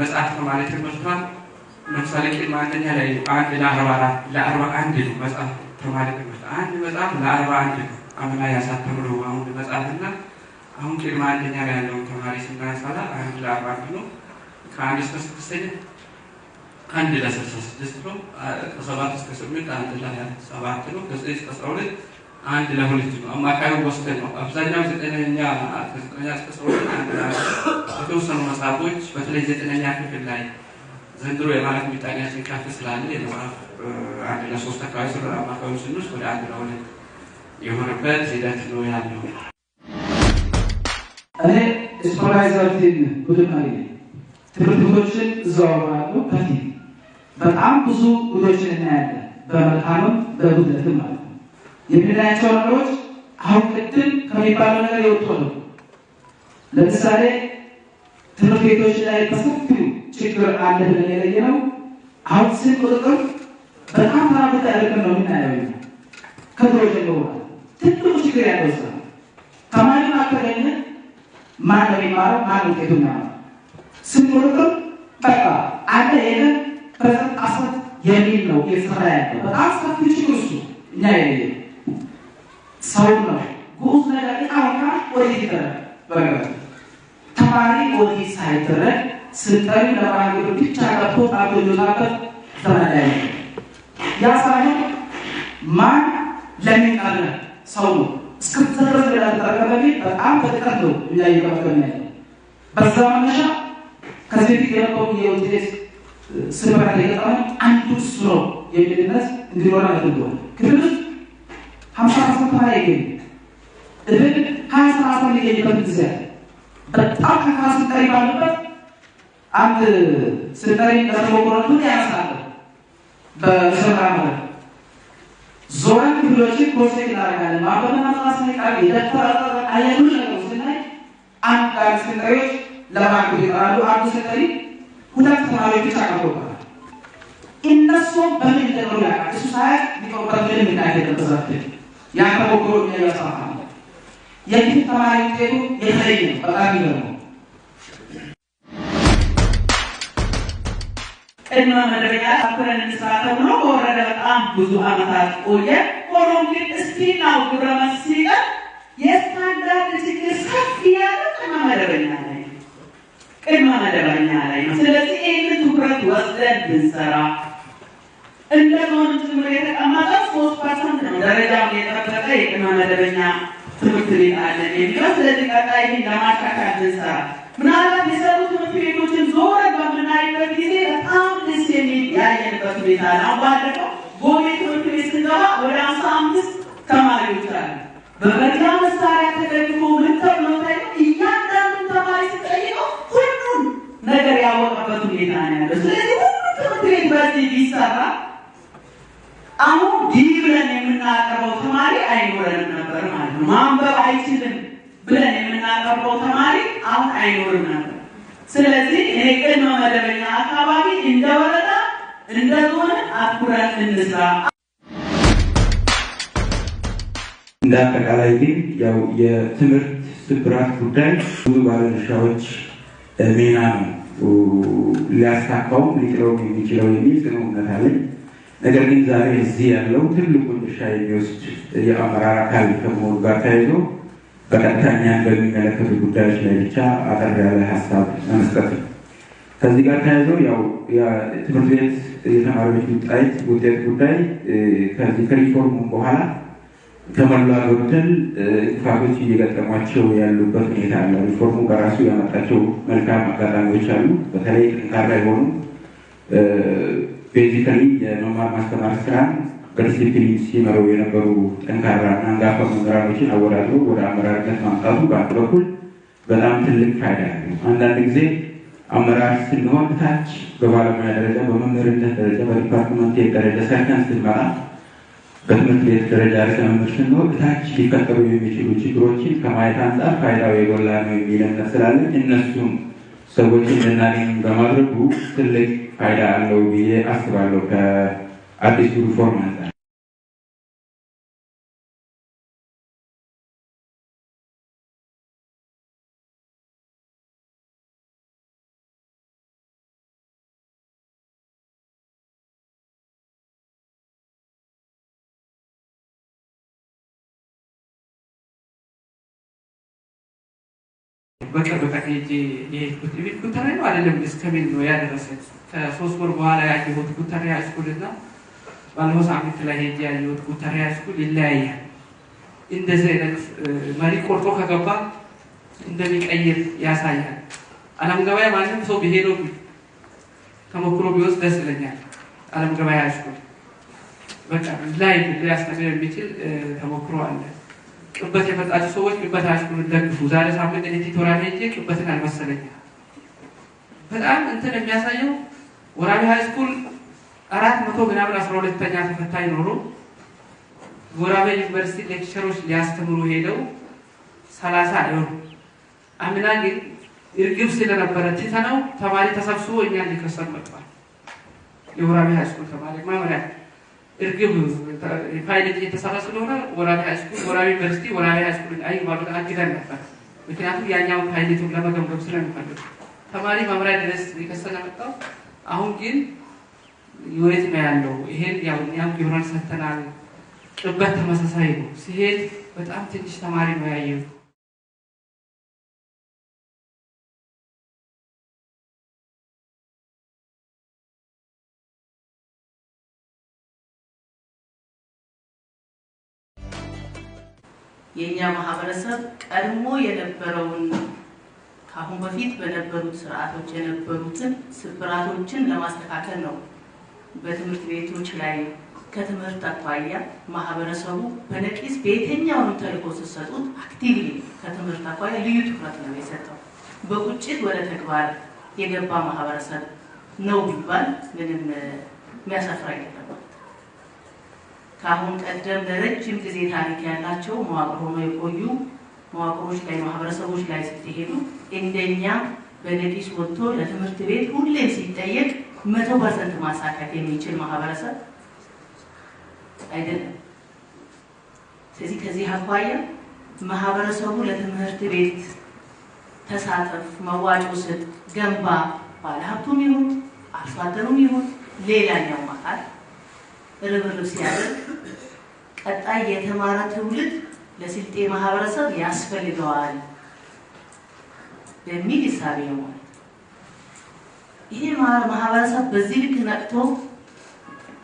መጽሐፍ ማለት ትምህርቷን ለምሳሌ ቅድመ ላይ አንድ ለአርባ አራት ለአርባ አንድ ነው መጽሐፍ ተማሪ ትምህርት አንድ መጽሐፍ ለአርባ አንድ ነው አምና ያሳተምሩ አሁን መጽሐፍና አሁን ቅድመ አንደኛ ላይ ያለውን ተማሪ ስናሳላ አንድ ለአርባ አንድ ነው ከአንድ እስከ ስድስተኛ አንድ ለስልሳ ስድስት ነው ከሰባት እስከ ስምንት አንድ ለሰባት ነው ከዘጠኝ እስከ አስራ ሁለት አንድ ለሁለት ነው። አማካዩ ወስደን ነው። አብዛኛው ዘጠነኛ ከዘጠነኛ እስከ ሰዎች አንድ የተወሰኑ መጽሐፎች በተለይ ዘጠነኛ ክፍል ላይ ዘንድሮ የማለት ሚጣኔያችን ከፍ ስላለ የመጽሐፍ አንድ ለሶስት አካባቢ ስለ አማካዩ ስንወስድ ወደ አንድ ለሁለት የሆነበት ሂደት ነው ያለው። እኔ ስኮላይዘርቲን ቡድን አለ ትምህርት ቤቶችን እዛው ማሉ ከፊት በጣም ብዙ ጉዶችን እናያለን፣ በመልካምም በጉድለትም ማለት የምንላቸው ነገሮች አሁን ቅድም ከሚባለው ነገር የወጡ ነው። ለምሳሌ ትምህርት ቤቶች ላይ በሰፊው ችግር አለ ብለን የለየ ነው። አሁን ስን ቁጥጥር በጣም ተራፍት ያደርገን ነው የምናየው። ከድሮ ጀምሮ ትልቁ ችግር ያለው ስራ ተማሪ አልተገኘ ማን ነው የሚማረው? ማን ውጤቱ የሚያመ ስን ቁጥጥር በቃ አለ የለ ፕረዘንት አስረት የሚል ነው እየሰራ ያለው በጣም ሰፊ ችግር እሱ እኛ የለየ ሰው ነው ግዑዝ ነገር አካል ወዴት ይደረግ? በገበታ ተማሪ ወዴት ሳይደረግ ስልጠኝ ለማግኘት ብቻ ገብቶ ጣቶ ይወጣበት ዘመን ላይ ማን ለሚቃለ ሰው ነው እስክትደረስ ለተጠረቀ በፊት በጣም በጥቀት ነው እኛ እየጠበቀን ያለ በዛ መነሻ ከዚህ በፊት የነበሩ የውጤት ስምረት የገጠመ አንዱ እሱ ነው የሚልነት እንዲኖረን አድርጓል። ክፍል ሀምሳ ስንታ ላይ ይገኝ እድል ሀያ ሰዓት ላይ ጊዜ በጣም ከካ ስንጠሪ ባለበት አንድ ስንጠሪ ለተሞክሮቱን ያሳለ በሰራ ማለት ዞረን ክፍሎችን ኮንሴት እናደርጋለን። ማበበና ማስነቃ የደፈራጠረ አየሉ ነገር ስናይ አንድ አንድ ስንጠሪዎች ለባንክ ይጠራሉ። አንዱ ስንጠሪ ሁለት ተማሪዎች ብቻ ቀርቦበታል። እነሱም በምን እንደሆነ እሱ ሳያቅ ሊቀውበት ምንም እናያገለበዛት ያን ተሞክሮ እኛ የፊት ተማሪ ውጤቱ የተለየ ነው። በጣም ይገርማል። ቅድመ መደበኛ አብረን እንስራ ተብሎ በወረደ በጣም ብዙ አመታት ቆየ። ሆኖም ግን እስቲናው ግብረ መልስ ሲቀር የስታንዳርድ ችግር ሰፊ ያለ ቅድመ መደበኛ ላይ ቅድመ መደበኛ ላይ ነው። ስለዚህ ይህንን ትኩረት ወስደን ብንሰራ እንደ ዞን ጭምር የተቀመጠ ሶስት ፐርሰንት ነው። ደረጃውን የጠበቀ የቅድመ መደበኛ ትምህርት ቤት አለን የሚለው ስለዚህ ቀጣይ ይህን ለማሻሻል እንሰራ ምናልባት የሰሩ ትምህርት ቤቶችን ዞረ በምናይበት ጊዜ በጣም ደስ የሚል ያየንበት ሁኔታ አለ። አሁን ባለፈው ጎቤ ትምህርት ቤት ስንገባ ወደ አስራ አምስት ተማሪዎች አሉ በመግቢያ መሳሪያ አሁን ዲህ ብለን የምናቀርበው ተማሪ አይኖረንም ነበር ማለት ነው። ማንበብ አይችልም ብለን የምናቀርበው ተማሪ አሁን አይኖርም ነበር። ስለዚህ እኔ ቅድመ መደበኛ አካባቢ እንደ ወረዳ እንደ ዞን አትኩረን እንስራ። እንደ አጠቃላይ ግን ያው የትምህርት ስብራት ጉዳይ ብዙ ባለድርሻዎች ሚና ነው ሊያሳካውም ሊጥለውም የሚችለው የሚል ጽኑ እምነት አለኝ። ነገር ግን ዛሬ እዚህ ያለው ትልቁ ድርሻ የሚወስድ የአመራር አካል ከመሆኑ ጋር ተያይዞ በቀጥታኛ በሚመለከቱ ጉዳዮች ላይ ብቻ አጠር ያለ ሀሳብ መስጠት ነው። ከዚህ ጋር ተያይዞ ያው ትምህርት ቤት የተማሪዎች ውጤት ውጤት ጉዳይ ከዚህ ከሪፎርሙ በኋላ ተመላ ገብተን እንቅፋቶች እየገጠሟቸው ያሉበት ሁኔታ አለ። ሪፎርሙ በራሱ ያመጣቸው መልካም አጋጣሚዎች አሉ። በተለይ ጠንካራ የሆኑ ቤዚካሊ የመማር ማስተማር ስራ በዲሲፕሊን ሲመሩ የነበሩ ጠንካራና አንጋፋ መምህራኖችን አወዳድሮ ወደ አመራርነት ማምጣቱ በአንድ በኩል በጣም ትልቅ ፋይዳ ነው። አንዳንድ ጊዜ አመራር ስንሆን ታች በባለሙያ ደረጃ በመምህርነት ደረጃ በዲፓርትመንት ደረጃ ሳይንስ ስንመራ በትምህርት ቤት ደረጃ ርዕሰ መምህር ስንሆን ታች ሊፈጠሩ የሚችሉ ችግሮችን ከማየት አንጻር ፋይዳው የጎላ ነው የሚል እምነት ስላለን እነሱም ሰዎችን ልናገኝ በማድረጉ ትልቅ faydaan loo bi ye asturaan loo ka atisuru በቅርብ ቀን ሄጄ የሄድኩት ቤት ኩተሬ ነው አይደለም እስከሚል ነው ያደረሰኝ። ከሶስት ወር በኋላ ያየሁት ኩተሬ ሃይስኩል እና ባለፈው ሳምንት ላይ ሄጄ ያየሁት ኩተሬ ሃይስኩል ይለያያል። እንደዚህ አይነት መሪ ቆርጦ ከገባ እንደሚቀይር ያሳያል። አለም ገበያ ማንም ሰው ብሄዶ ተሞክሮ ቢወስድ ደስ ይለኛል። አለም ገበያ ሃይስኩል በቃ ላይ ሊያስተምር የሚችል ተሞክሮ አለ። ቅበት የፈጻችሁ ሰዎች ቅበታችሁን ደግፉ። ዛሬ ሳምንት እኔ ቲቶራ ሄጄ ቅበትን አልመሰለኛ በጣም እንትን የሚያሳየው ወራቤ ሀይ አራት መቶ ምናምን አስራ ሁለተኛ ተፈታኝ ኖሮ ወራቤ ዩኒቨርሲቲ ሌክቸሮች ሊያስተምሩ ሄደው ሰላሳ አይሆኑ አምና ግን እርግብ ስለነበረ ትተነው ተማሪ ተሰብስቦ እኛን ሊከሰር መጥቷል። የወራቤ ሀይ ተማሪ ማመሪያ እርግብ ፓይለት እየተሰራ ስለሆነ ወራቤ ሃይስኩል፣ ወራቤ ዩኒቨርሲቲ፣ ወራቤ ሃይስኩል አይ ማለት አግደን ነበር። ምክንያቱም ያኛውን ፓይለቱን ለመገምገም ስለሚፈልግ ተማሪ መምሪያ ድረስ የከሰነ መጣው። አሁን ግን የት ነው ያለው? ይሄን ያው እኛም ግብረን ሰጥተናል። ቅበት ተመሳሳይ ነው። ሲሄድ በጣም ትንሽ ተማሪ ነው ያየው የእኛ ማህበረሰብ ቀድሞ የነበረውን ከአሁን በፊት በነበሩት ስርዓቶች የነበሩትን ስብራቶችን ለማስተካከል ነው። በትምህርት ቤቶች ላይ ከትምህርት አኳያ ማህበረሰቡ በነቂስ በየትኛውም ተልእኮ ስትሰጡት አክቲቭሊ ከትምህርት አኳያ ልዩ ትኩረት ነው የሰጠው። በቁጭት ወደ ተግባር የገባ ማህበረሰብ ነው ቢባል ምንም የሚያሳፍር አይደለም። ከአሁን ቀደም ለረጅም ጊዜ ታሪክ ያላቸው መዋቅር ሆኖ የቆዩ መዋቅሮች ላይ ማህበረሰቦች ላይ ስትሄዱ እንደኛ በነቂስ ወጥቶ ለትምህርት ቤት ሁሌም ሲጠየቅ መቶ ፐርሰንት ማሳካት የሚችል ማህበረሰብ አይደለም። ስለዚህ ከዚህ አኳያ ማህበረሰቡ ለትምህርት ቤት ተሳተፍ፣ መዋጮ ስጥ፣ ገንባ ባለሀብቱም ይሁን አርሶ አደሩም ይሁን ሌላኛው አካል ርብርብ ሲያደርግ ቀጣይ የተማረ ትውልድ ለስልጤ ማህበረሰብ ያስፈልገዋል በሚል እሳቤ ነው ማለት ይሄ ማህበረሰብ በዚህ ልክ ነቅቶ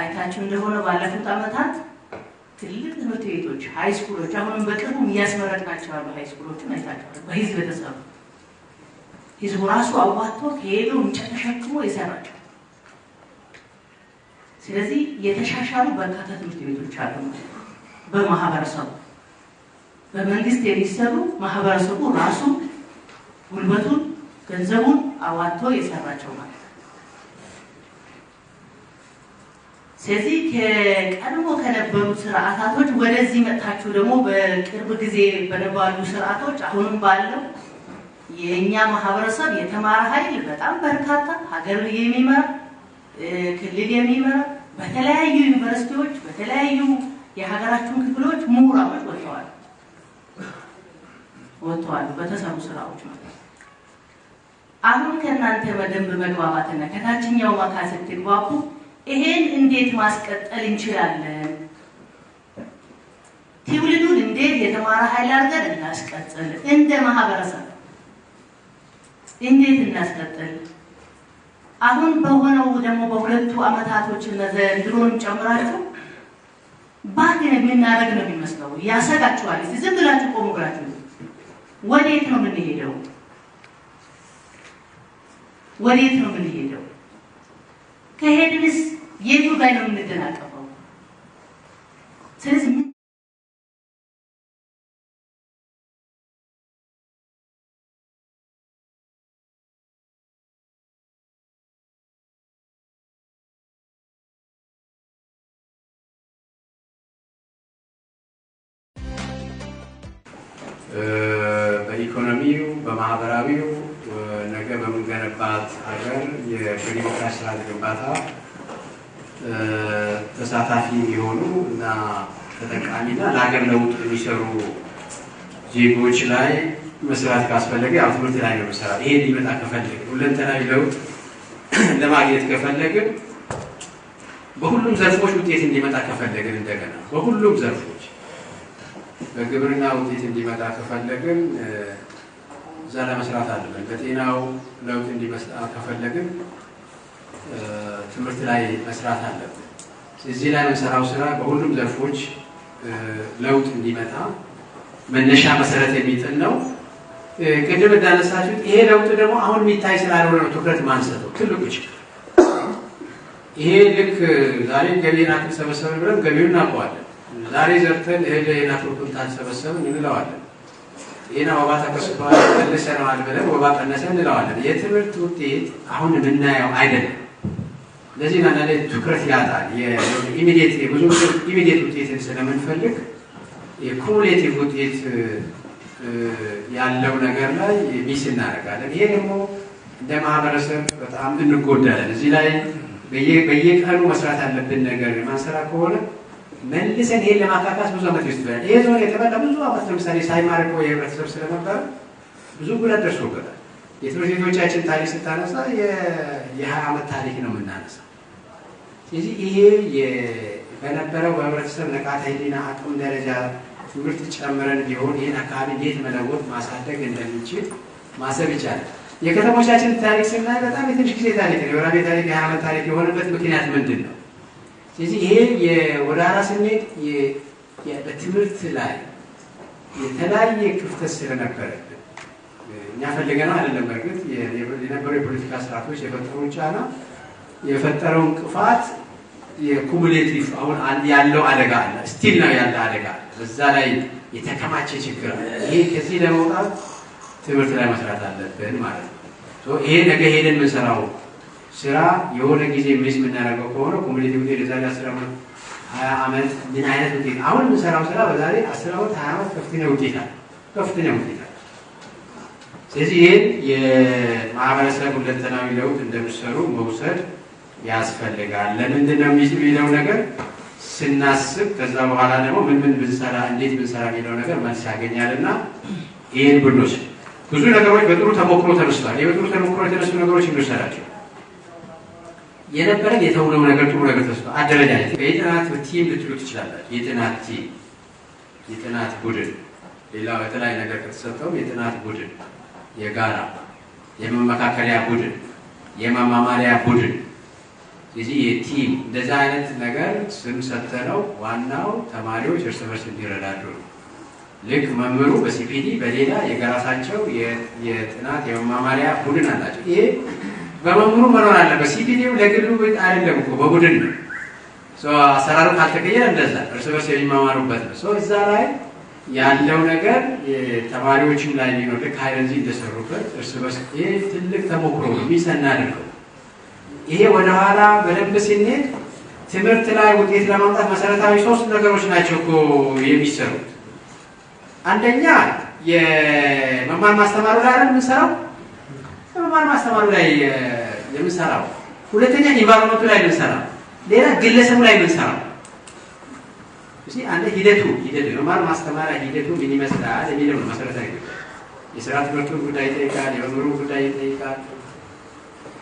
አይታችሁ እንደሆነ ባለፉት ዓመታት ትልቅ ትምህርት ቤቶች ሀይ ስኩሎች አሁንም በቅርቡ እያስመረቅናቸው ያሉ ሀይ በህዝብ የተሰሩ ህዝቡ ራሱ አዋጥቶ ከሄደው እንጨት ተሸክሞ የሰራቸው ስለዚህ የተሻሻሉ በርካታ ትምህርት ቤቶች አሉ። በማህበረሰቡ በመንግስት የሚሰሩ ማህበረሰቡ ራሱ ጉልበቱን ገንዘቡን አዋጥቶ የሰራቸው ማለት ነው። ስለዚህ ከቀድሞ ከነበሩ ስርዓታቶች ወደዚህ መጥታችሁ ደግሞ በቅርብ ጊዜ በነባሉ ስርዓቶች አሁንም ባለው የእኛ ማህበረሰብ የተማረ ኃይል በጣም በርካታ ሀገር የሚመራ ክልል የሚመራ በተለያዩ ዩኒቨርሲቲዎች በተለያዩ የሀገራችን ክፍሎች ምሁራኖች ወጥተዋል ወጥተዋል በተሰሩ ስራዎች አሁን ከእናንተ በደንብ መግባባትና ከታችኛው ማካ ስትግባቡ ይሄን እንዴት ማስቀጠል እንችላለን? ትውልዱን እንዴት የተማረ ኃይል አድርገን እናስቀጥል? እንደ ማህበረሰብ እንዴት እናስቀጥል? አሁን በሆነው ደግሞ በሁለቱ አመታቶች ዘንድሮንም ጨምራችሁ ባንድ ነው የምናደርግ ነው የሚመስለው። ያሰጋችኋል። እስኪ ዝም ብላችሁ ቆሙ ብላችሁ ወዴት ነው የምንሄደው? ወዴት ነው የምንሄደው? ከሄድንስ የቱ ላይ ነው የምንደናቀፈው? ስለዚህ በኢኮኖሚው በማህበራዊው ነገ በምንገነባት ሀገር በዲሞክራሲ ስርዓት ግንባታ ተሳታፊ የሚሆኑ እና ተጠቃሚና ለሀገር ለውጥ የሚሰሩ ዜጎች ላይ መስራት ካስፈለገ ያው ትምህርት ላይ ነው መስራት። ይሄ ሊመጣ ከፈለግ ሁለንተናዊ ለውጥ ለማግኘት ከፈለግን በሁሉም ዘርፎች ውጤት እንዲመጣ ከፈለግን እንደገና በሁሉም ዘርፎች በግብርና ውጤት እንዲመጣ ከፈለግን እዛ ላይ መስራት አለብን። በጤናው ለውጥ እንዲመጣ ከፈለግን ትምህርት ላይ መስራት አለብን። እዚህ ላይ የምሰራው ስራ በሁሉም ዘርፎች ለውጥ እንዲመጣ መነሻ መሰረት የሚጥል ነው። ቅድም እንዳነሳችሁት ይሄ ለውጥ ደግሞ አሁን የሚታይ ስላልሆነ ነው ትኩረት ማንሰጠው ትልቁ ችግር ይሄ። ልክ ዛሬ ገቢን አክል ብለን ገቢውን እናውቀዋለን ዛሬ ዘርተን እህል ሌና ፍርቁን ታንሰበሰብን እንለዋለን። ይህን ወባ ተከስተዋል መልሰነዋል ብለን ወባ ቀነሰ እንለዋለን። የትምህርት ውጤት አሁን የምናየው አይደለም። ለዚህ አንዳንዴ ትኩረት ያጣል። የኢሚዲየት ብዙ ኢሚዲየት ውጤትን ስለምንፈልግ የኩሙሌቲቭ ውጤት ያለው ነገር ላይ ሚስ እናደርጋለን። ይሄ ደግሞ እንደ ማህበረሰብ በጣም እንጎዳለን። እዚህ ላይ በየቀኑ መስራት ያለብን ነገር ማንሰራ ከሆነ መልሰን ይሄን ለማካካስ ብዙ አመት ይወስዳል። ይሄ ዞን የተበላ ብዙ አመት ለምሳሌ ሳይማር እኮ የህብረተሰብ ስለነበረ ብዙ ጉዳት ደርሶበታል። የትምህርት ቤቶቻችን ታሪክ ስታነሳ የሀያ አመት ታሪክ ነው የምናነሳ። ስለዚህ ይሄ በነበረው በህብረተሰብ ንቃተ ህሊና አቅም ደረጃ ትምህርት ጨምረን ቢሆን ይህን አካባቢ እንዴት መለወጥ ማሳደግ እንደሚችል ማሰብ ይቻላል። የከተሞቻችን ታሪክ ስናይ በጣም የትንሽ ጊዜ ታሪክ ነው። የወራቤ ታሪክ የሀያ አመት ታሪክ የሆነበት ምክንያት ምንድን ነው? ስለዚህ ይህን የወራራ ስሜት በትምህርት ላይ የተለያየ ክፍተት ስለነበረብን እኛ ፈልገነው አይደለም። በእርግጥ የነበሩ የፖለቲካ ስርዓቶች የፈጠሩን ጫና የፈጠረውን እንቅፋት የኩሙሌቲቭ አሁን ያለው አደጋ አለ፣ ስቲል ነው ያለ አደጋ በዛ ላይ የተከማቸ ችግር አለ። ይሄ ከዚህ ለመውጣት ትምህርት ላይ መስራት አለብን ማለት ነው። ይሄ ነገ ሄደን የምንሰራው ስራ የሆነ ጊዜ ሚዝ የምናደርገው ከሆነ ኮሚኒቲ ውጤት የዛሬ አስር ዓመት ሀያ ዓመት ምን አይነት ውጤት አሁን የምንሰራው ስራ በዛሬ አስር ዓመት ሀያ ዓመት ከፍተኛ ውጤት አለ ከፍተኛ ውጤት አለ። ስለዚህ ይህን የማህበረሰብ ሁለንተናዊ ለውጥ እንደምሰሩ መውሰድ ያስፈልጋል። ለምንድን ነው ሚዝ የሚለው ነገር ስናስብ ከዛ በኋላ ደግሞ ምን ምን ብንሰራ እንዴት ብንሰራ የሚለው ነገር መልስ ያገኛል እና ይህን ብንወስድ ብዙ ነገሮች በጥሩ ተሞክሮ ተነስቷል። የበጥሩ ተሞክሮ የተነሱ ነገሮች እንወሰዳቸው የነበረ የተውነው ነገር ጥሩ ነገር ተስፋ አደረጃጀት የጥናት ቲም ልትሉ ትችላላችሁ። የጥናት ቲም፣ የጥናት ቡድን ሌላው የተለያዩ ነገር ከተሰጠው የጥናት ቡድን፣ የጋራ የመመካከሪያ ቡድን፣ የመማማሪያ ቡድን የዚህ የቲም እንደዚህ አይነት ነገር ስም ሰተነው ዋናው ተማሪዎች እርስ በርስ እንዲረዳዱ ነው። ልክ መምህሩ በሲፒዲ በሌላ የራሳቸው የጥናት የመማማሪያ ቡድን አላቸው። ይሄ በመምሩ መኖር አለበት። ሲፒዲው ለግሉ ቤት አይደለም እኮ በቡድን ነው። አሰራሩ ካልተቀየረ እንደዛ እርስ በርስ የሚማማሩበት ነው። እዛ ላይ ያለው ነገር ተማሪዎችም ላይ የሚኖር ልክ ሀይለንዚ እንደሰሩበት እርስ በርስ ይህ ትልቅ ተሞክሮ ነው። የሚሰና አድርገው ይሄ ወደኋላ በደንብ ስንሄድ ትምህርት ላይ ውጤት ለማምጣት መሰረታዊ ሶስት ነገሮች ናቸው እኮ የሚሰሩት። አንደኛ የመማር ማስተማሩ ላይ የምንሰራው በመማር ማስተማሩ ላይ የምንሰራው፣ ሁለተኛ ኢንቫይሮመንቱ ላይ የምንሰራው፣ ሌላ ግለሰቡ ላይ የምንሰራው እሺ አንድ ሂደቱ ሂደቱ የመማር ማስተማሪያ ሂደቱ ምን ይመስላል የሚለው ነው መሰረታዊ ጉዳይ። የስራ ትምህርቱን ጉዳይ ይጠይቃል። የመምህሩ ጉዳይ ይጠይቃል።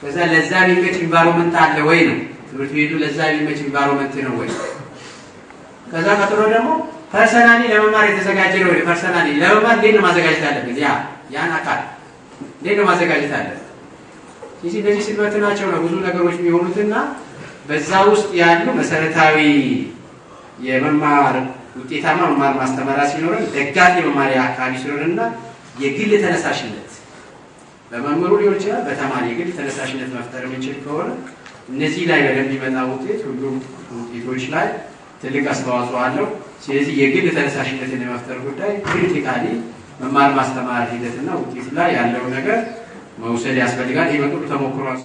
ከዛ ለዛ የሚመች ኢንቫይሮመንት አለ ወይ ነው ትምህርት ቤቱ ለዛ የሚመች ኢንቫይሮመንት ነው ወይ? ከዛ ቀጥሎ ደግሞ ፐርሰናሊ ለመማር የተዘጋጀ ነው ወይ? ፐርሰናሊ ለመማር እንዴት ነው ማዘጋጀት ያለብን ያ ያን አካል እንዴት ነው ማዘጋጀት አለ። ስለዚህ እነዚህ ስልበት ናቸው ነው ብዙ ነገሮች የሚሆኑትና በዛ ውስጥ ያሉ መሰረታዊ የመማር ውጤታማ መማር ማስተማሪያ ሲኖረን ደጋፊ የመማሪያ አካባቢ ሲኖረንና የግል ተነሳሽነት በመምህሩ ሊሆን ይችላል፣ በተማሪ የግል ተነሳሽነት መፍጠር የምንችል ከሆነ እነዚህ ላይ ወደሚመጣ ውጤት ሁሉም ውጤቶች ላይ ትልቅ አስተዋጽኦ አለው። ስለዚህ የግል ተነሳሽነትን የመፍጠር ጉዳይ ክሪቲካሊ መማር ማስተማር ሂደትና ውጤት ላይ ያለው ነገር መውሰድ ያስፈልጋል። ይህ በጥሩ ተሞክሯል።